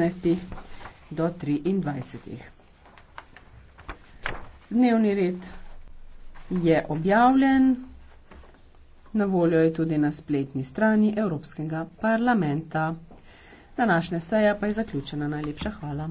15. do 23. Dnevni red je objavljen, na voljo je tudi na spletni strani Evropskega parlamenta. Današnja seja pa je zaključena. Najlepša hvala.